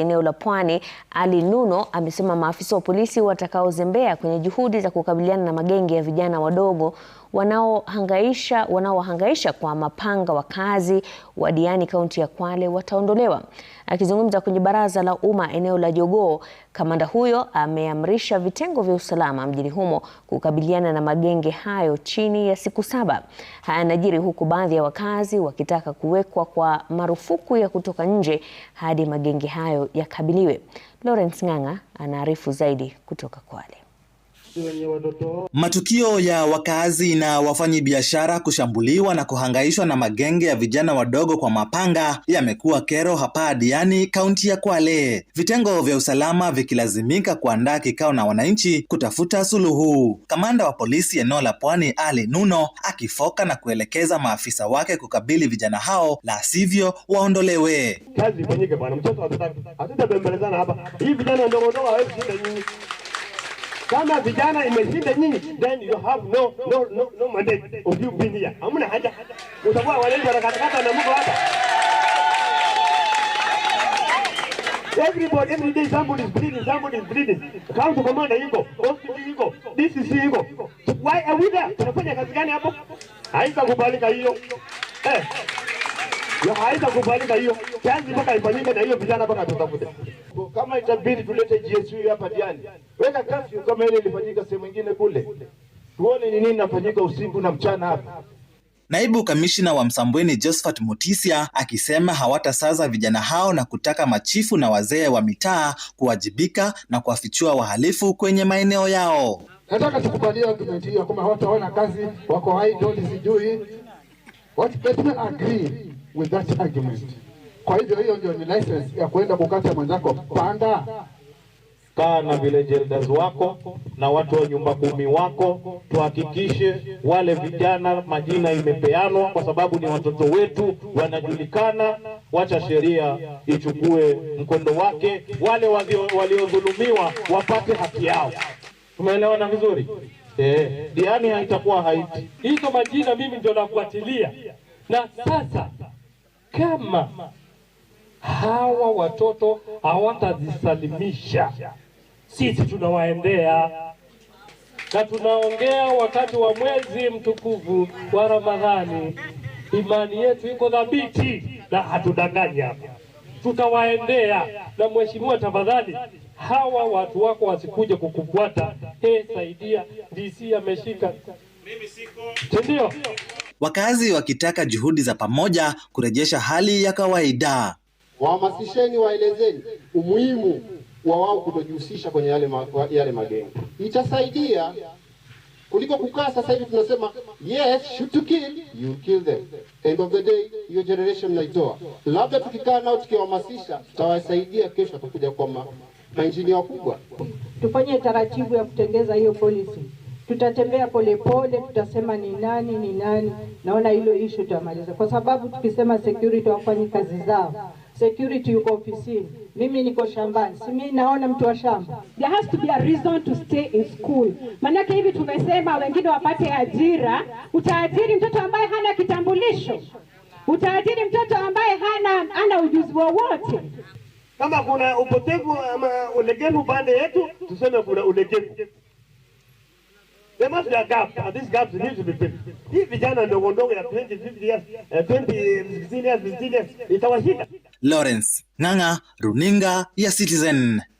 eneo la Pwani, Ali Nuno amesema maafisa wa polisi watakaozembea kwenye juhudi za kukabiliana na magenge ya vijana wadogo wanaohangaisha wanaohangaisha kwa mapanga wakazi wa Diani kaunti ya Kwale wataondolewa. Akizungumza kwenye baraza la umma eneo la Jogoo, kamanda huyo ameamrisha vitengo vya usalama mjini humo kukabiliana na magenge hayo chini ya siku saba. Haya yanajiri huku baadhi ya wakazi wakitaka kuwekwa kwa marufuku ya kutoka nje hadi magenge hayo yakabiliwe. Lawrence Ng'ang'a anaarifu zaidi kutoka Kwale. Matukio ya wakazi na wafanyi biashara kushambuliwa na kuhangaishwa na magenge ya vijana wadogo kwa mapanga yamekuwa kero hapa Diani, kaunti ya Kwale, vitengo vya usalama vikilazimika kuandaa kikao na wananchi kutafuta suluhu. Kamanda wa polisi eneo la Pwani Ali Nuno akifoka na kuelekeza maafisa wake kukabili vijana hao, la sivyo waondolewe. Kazi ifanyike bwana, hatutaki, hapa. Hii vijana ndogo ndogo hawezi shinda nyinyi. Kama vijana imeshinda nyinyi, then you have no no no no mandate of you being here. Hamna haja, utakuwa wananchi wanakatakata na mko hapa. Everybody, every day somebody is bleeding, somebody is bleeding. County commander yuko, hospital yuko, DCC yuko. Why are we there? Tunafanya kazi gani hapo? Haitakubalika hiyo. Eh haitakubalika hiyo kazi mpaka ifanyike, na hiyo vijana mpaka tutafute. Kama itabidi tulete GSU hapa Diani, weka kafyu kama ile ilifanyika sehemu nyingine kule, tuone ni nini nafanyika usiku na mchana hapa. Naibu kamishina wa Msambweni Josephat Mutisia akisema hawatasaza vijana hao na kutaka machifu na wazee wa mitaa kuwajibika na kuwafichua wahalifu kwenye maeneo yao. Nataka tukubalia argument hiyo kwamba hawataona kazi, wako idle, sijui what, let agree with that argument. Kwa hivyo hiyo ndio ni license ya kuenda kukata mwenzako panda. Kaa na village elders wako na watu wa nyumba kumi wako, tuhakikishe wale vijana majina imepeanwa, kwa sababu ni watoto wetu, wanajulikana. Wacha sheria ichukue mkondo wake, wale waliodhulumiwa wapate haki yao. Tumeelewana vizuri eh? Diani haitakuwa haiti hizo majina, mimi ndio nafuatilia na sasa kama hawa watoto hawatazisalimisha, sisi tunawaendea na tunaongea wakati wa mwezi mtukufu wa Ramadhani. Imani yetu iko dhabiti na hatudanganya, tutawaendea. Na mheshimiwa, tafadhali hawa watu wako wasikuje kukubwata. Hey, saidia DC ameshika, siko, ndio? Wakazi wakitaka juhudi za pamoja kurejesha hali ya kawaida. Wahamasisheni, waelezeni umuhimu wa wao kutojihusisha kwenye yale, ma, yale magengo. itasaidia kuliko kukaa sasa hivi tunasema yes shoot to kill you kill them end of the day, hiyo generation naitoa. Labda tukikaa nao tukiwahamasisha, tutawasaidia kesho, atakuja kwa mainjinia wakubwa. Tufanye taratibu ya kutengeza hiyo policy Tutatembea polepole, tutasema ni nani ni nani. Naona hilo ishu tutamaliza, kwa sababu tukisema security wafanyi kazi zao. Security yuko ofisini, mimi niko shambani, si mimi naona mtu wa shamba. There has to be a reason to stay in school, maanake hivi tumesema wengine wapate ajira. Utaajiri mtoto ambaye hana kitambulisho? Utaajiri mtoto ambaye hana ana ujuzi wowote? Kama kuna upotevu ama ulegevu pande yetu, tuseme kuna ulegevu There must be a gap, and this gap needs to be filled. Hii vijana ndogo ndogo ya 20, 50 years, uh, 20, 15 years, it's our hit. Lawrence Nanga, Runinga ya Citizen.